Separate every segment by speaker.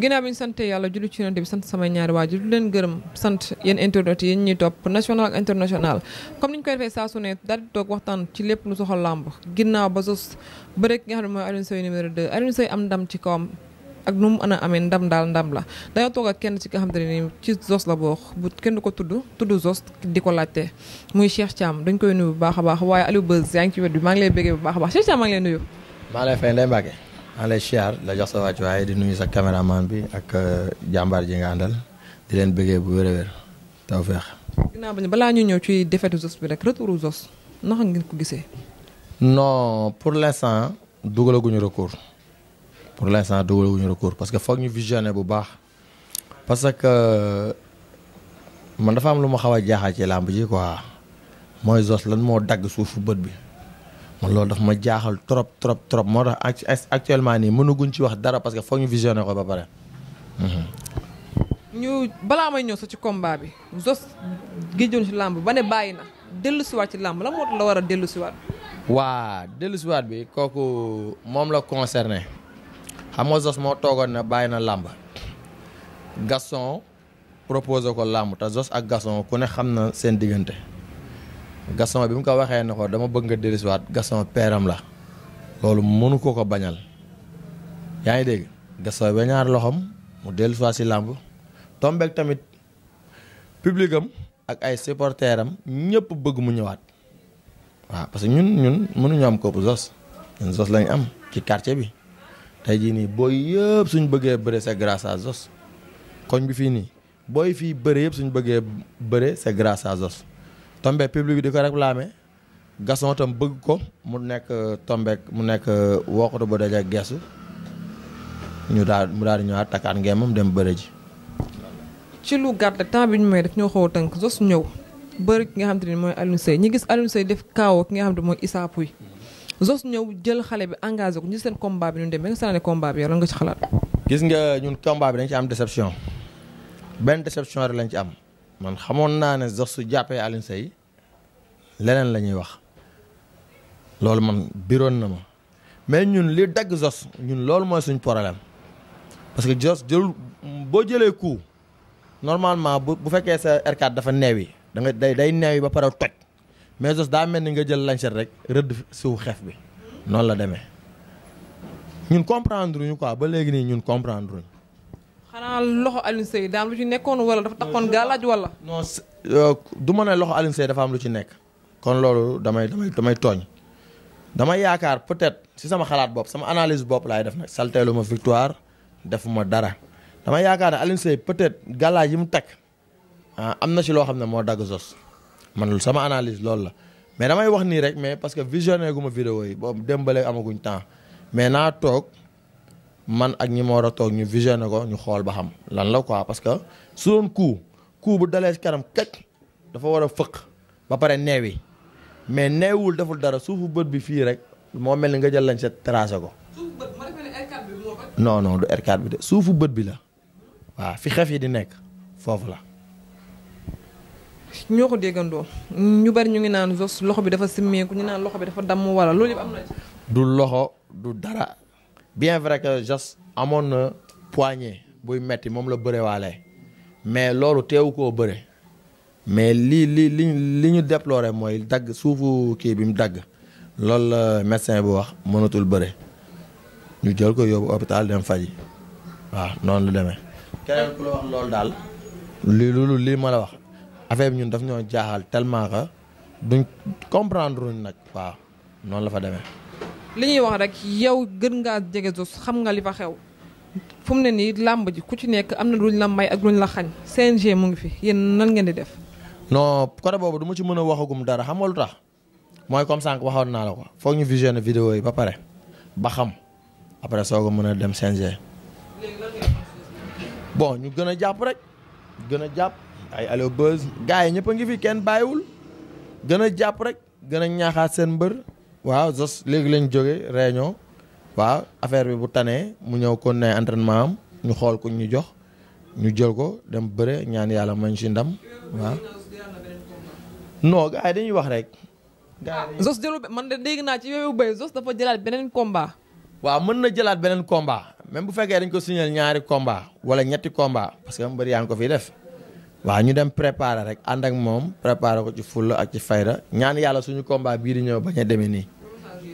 Speaker 1: ginnaaw bi ñu sant yàlla julli ci yonent bi sant samay ñaari waajur di leen gërëm sant yéen internet yi ñuy topp national ak international comme ni ñu koy defee saa su ne daal toog waxtaan ci lépp lu soxal làmb ginnaaw ba sos bëre ki nga xam ne mooy Alioune Seye numéro 2 am ndam ci kawam ak nu mu mën a amee ndam daal ndam la dañoo toog ak kenn ci nga xam ne ni ci la boo bu kenn ko tudd tudd zos di ko laajte muy Cheikh Thiam dañ koy nuyu bu baax a baax waaye Aliou Beuz yaa ngi ci wet bi maa ngi lay béggee bu baax a baax Cheikh Thiam maa ngi lay
Speaker 2: nuyu maa chair siyaar la jox sa wàcc waaye di nuyu sa caméraman bi ak euh, jàmbaar ji nga àndal di leen bëggee bu wér a wér tawféex.
Speaker 1: ginnaaw balaa ñuy ñëw ci défaite Zos bi rek retour Zos ndax ngeen ko gisee.
Speaker 2: no pour l' instant dugalaguñu recours pour l' instant dugalaguñu recours parce que foog ñu visionné bu baax parce que man dafa am lu ma xaw a jaaxal ci làmb ji quoi mooy Zos lan moo dagg suufu bët bi. man loolu daf ma jaaxal trop trop trop moo tax actuellement nii mënaguñ ci wax dara parce que foog ñu visionné ko ba pare. Mm-hmm.
Speaker 1: ñu balaa may ñëw sa ci komba bi Zoss géejoon ci làmb ba ne bàyyi na dellusiwaat ci làmb la moo tax la war a dellusiwaat.
Speaker 2: waa dellusiwaat bi kooku moom la concerné xam nga Zoss moo toogoon ne bàyyi na làmb Gaston proposé ko làmb te Zoss ak gason ku ne xam na seen diggante. Gaston bi mu ko waxee na ko dama bëgg nga dellusiwaat Gaston peeram la loolu mënu koo ko bañal yaa ngi dégg Gaston ba ñaar loxoom mu dellusiwaat si làmb tombeek tamit public ak ay supporters am ñëpp bëgg mu ñëwaat waa parce que ñun ñun mënuñu am kopp Zoss ñun Zoss lañ am ci quartier bi tey jii nii booy yëpp suñ bëggee bëre c'est grâce à Zoss koñ bi fii nii booy fii bëre yëpp suñ bëggee bëre c'est grâce à Zoss tombé public bi di ko réclamé Gaston tam bëgg ko mu nekk euh, tombé mu nekk euh, wokkatu ba daje ak geesu ñu daal mu daal di ñëwaat takkaan ngeemam dem bëre ji.
Speaker 1: ci lu gàtt ak temps bi ñu may def ñoo xaw a tënk ñëw bëri ki nga xam te mooy Alioune Seye ñi gis Alioune Seye def kaawoo ki nga xam te mooy Issa Pouye Zoss ñëw jël xale bi engage ko ñu seen combat bi ñu dem ba nga sànni combat bi yow nga ci xalaat.
Speaker 2: gis nga ñun combat bi dañ ci am déception benn déception rek lañ ci am. man xamoon naa ne sax su jàppee Alioune Seye leneen la ñuy wax loolu man biroon na ma mais ñun li dagg jos ñun loolu mooy suñ problème parce que jos jël boo jëlee coup normalement bu bu fekkee sa R4 dafa neewi da nga day day yi ba pare toj mais jos daa mel ni nga jël lancette rek rëdd suuf xef bi noonu la demee ñun comprendre ñu quoi ba léegi nii ñun comprendre ñu
Speaker 1: xanaa loxo Alioune Seye daam lu ci nekkoon wala dafa taxoon gàllaaj wala. non
Speaker 2: euh, du ma ne loxo Alioune dafa am lu ci nekk. kon loolu damay damay damay tooñ damay yaakaar peut-être si sama xalaat bopp sama analyse bopp laay def nag salteelu ma victoire ma dara damay yaakaar ne Alioune Seye peut-être gàllaaj yi mu takk ah, am na si loo xam ne moo dagg sos man sama analyse loolu la mais damay wax nii rek mais parce que visionné gu ma vidéo yi boobu démb amaguñ temps mais naa toog. man ak ñi ma war a toog ñu visionné ko ñu xool ba xam lan la ko parce que su doon coup bu dalee si kanam dafa war a fëq ba pare neewi mais neewul deful dara suufu bët bi fii rek moo mel ni nga jël lañ sa tracé ko. suufu du r bi de suufu bët bi la waaw fi xef yi di nekk foofu la.
Speaker 1: ñoo ko déggandoo ñu bari ñu ngi naan Zoss loxo bi dafa simmeeku ñu naan loxo bi dafa damm wala loolu yëpp
Speaker 2: du loxo du dara. bien vrai que Zoss amoon na poignée buy metti moom la bëre waale mais loolu teewu koo bëre mais li li li li ñu déploré mooy dagg suufu kii bi mu dagg loolu la médecin bi wax mënatul bëre ñu jël ko yóbbu hôpital dem faji waaw noonu la deme keneen ku la loolu daal lii loolu lii ma la wax affaire bi ñun daf ñoo jaaxal tellement que duñ comprendre nag waaw noonu la fa demee
Speaker 1: li ñuy wax rek yow gën ngaa jege Zoss xam nga li fa xew fu mu ne nii làmb ji ku ci nekk am na luñ la may ak luñ la xañ CNG mu ngi fi yéen nan ngeen di def. non côté
Speaker 2: boobu du ci mën a waxagum dara xam nga lu tax mooy comme sànq waxoon naa la ko foog ñu visionné vidéo yi ba pare ba xam après soo ko mën a dem CNG. bon ñu gën a jàpp rek gën a jàpp ay allo buzz gars yi ñëpp a ngi fi kenn bàyyiwul gën a jàpp rek gën a ñaaxaat seen mbër. waaw Zoss léegi lañu jóge réunion waaw affaire bi bu tanee mu ñëw kon ne entraînement am ñu xool ko ñu jox ñu jël ko dem bëre ñaan yàlla mañ si ndam waaw. non gars yi dañuy wax rek.
Speaker 1: gars yi Zoss man de dégg naa ci yooyu bay Zoss dafa jëlaat
Speaker 2: beneen combat. waaw mën na jëlaat beneen combat même bu fekkee dañ ko signaler ñaari combat wala ñetti combat parce que mbër yaa ngi ko fiy def. waaw ñu dem préparer rek ànd ak moom préparer ko ci fulla ak ci fayda ñaan yàlla suñu combat bii di ñëw bañ a demee nii.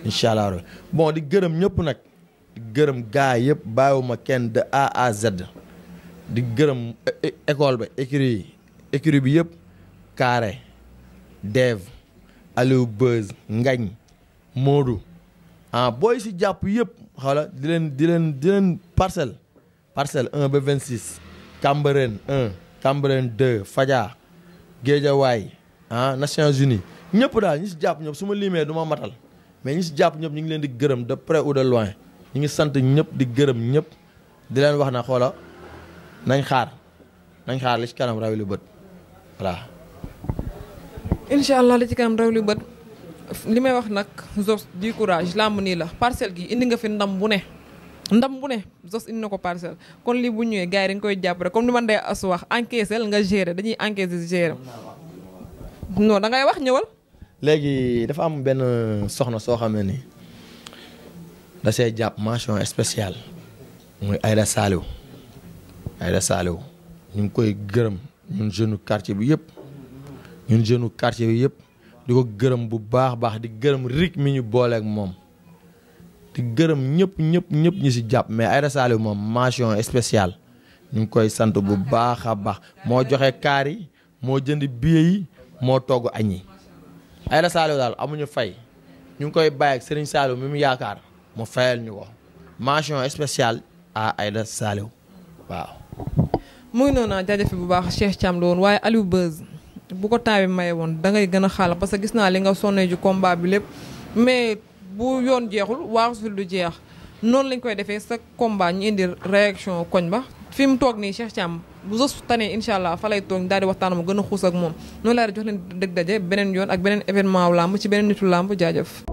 Speaker 2: incha allah bon di gërëm ñëpp nag di gërëm gars yëpp bàyyiwuma kenn de A à Z di gërëm école ba écurie yi écurie bi yëpp Kaare Dev Aliou Beuz Ngañ Modou ah booy si jàpp yëpp xoola di leen di leen di leen parcelle parcelle 1 ba 26 Cambérène 1 Cambérène 2 Fadia Géejawaay ah Nations ñëpp daal ñi si jàpp ñëpp su ma limee du ma matal mais ñu si jàpp ñëpp ñu ngi leen di gërëm de près ou de loin ñu ngi sant ñëpp di gërëm ñëpp di leen wax na xoola nañ xaar nañ xaar li ci kanam raw bët voilà.
Speaker 1: incha allah li ci kanam raw lu bët li may wax nag Zos ji courage làmb nii la parcelle gi indi nga fi ndam bu ne. ndam bu ne Zos indi na ko parcelle kon lii bu ñëwee gars yi dañu koy jàpp rek comme ni man day as wax encaissel nga gérer dañuy si gérer non dangay wax ñëwal.
Speaker 2: léegi dafa am benn soxna soo xam ne ni da see jàpp mention spéciale muy Aïda Saliou Aïda Saliou ñu ngi koy gërëm ñun jeune quartier bi yëpp ñun jeune quartier bi yëpp di ko gërëm bu baax baax di gërëm rik mi ñu booleeg moom di gërëm ñëpp ñëpp ñëpp ñu si jàpp mais Aïda Saliou moom mation spéciale ñu ngi koy sant bu baax a baax moo joxe kaar yi moo jënd billet yi moo togg añ yi Aïda Saliou daal amuñu fay ñu ngi koy bàyyi ak Serigne Saliou mi yaakaar mu fayal ñu ko mention spéciale à ayla Saliou waaw.
Speaker 1: mu ngi noonu jaajëf bu baax Cheikh Thiam la woon waaye Aliou Beuz bu ko temps bi maye woon da ngay gën a xaal parce que gis naa li nga sonne ju combat bi lépp mais bu yoon jeexul waaw su lu jeex noonu lañ koy defee sa combat ñu indi réaction koñ ba fi mu toog nii Cheikh Thiam bu zos tanee incha allah fa lay toog daal di waxtaan mu gën a xuus ak moom noonu laa jox leen dëgg daje beneen yoon ak beneen événement làmb ci beneen nitu làmb jaajëf